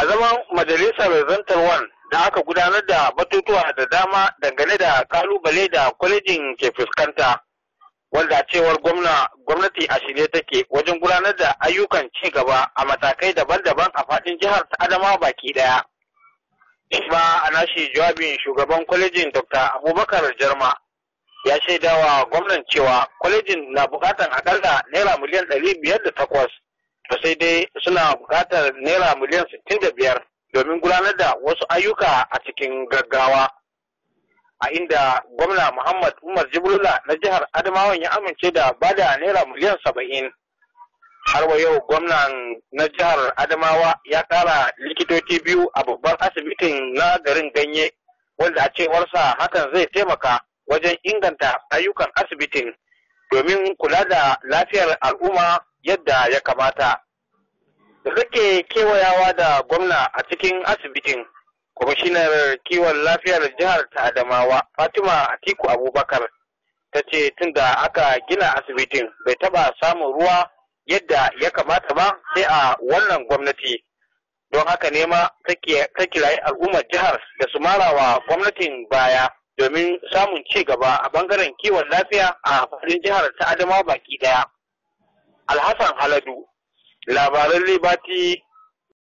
a zaman majalisar zantarwan da aka gudanar da batutuwa da dama dangane da kalubale da kwalejin ke fuskanta wanda cewar gwamnati a shirye take wajen gudanar da ayyukan ci gaba a matakai daban-daban a faɗin jihar ta adama baki ɗaya. Ishma a nashi jawabin shugaban kwalejin Dr. Abubakar Jarma ya shaidawa gwamnan cewa kwalejin na bukatan akalla naira miliyan ɗari biyar da takwas sai dai suna bukatar naira miliyan sittin da biyar domin gudanar da wasu ayyuka a cikin gaggawa a inda gwamna muhammad umar jibrila na jihar Adamawa ya amince da bada naira miliyan saba'in har wa yau gwamnan na jihar adamawa ya kara likitoci biyu a babban asibitin na garin ganye wanda a cewarsa hakan zai taimaka wajen inganta ayyukan asibitin domin kula da lafiyar al'umma yadda ya kamata da kake kewayawa da gwamna a cikin asibitin kwamishinar kiwon lafiyar jihar ta adamawa fatima atiku abubakar ta ce tun da aka gina asibitin bai taba samun ruwa yadda ya kamata ba sai a wannan gwamnati don haka ne ma ta kirayi al'ummar jihar da su marawa gwamnatin baya domin samun ci gaba a bangaren kiwon lafiya a faɗin jihar ta adamawa baki daya alhassan haladu la valeur des bâtis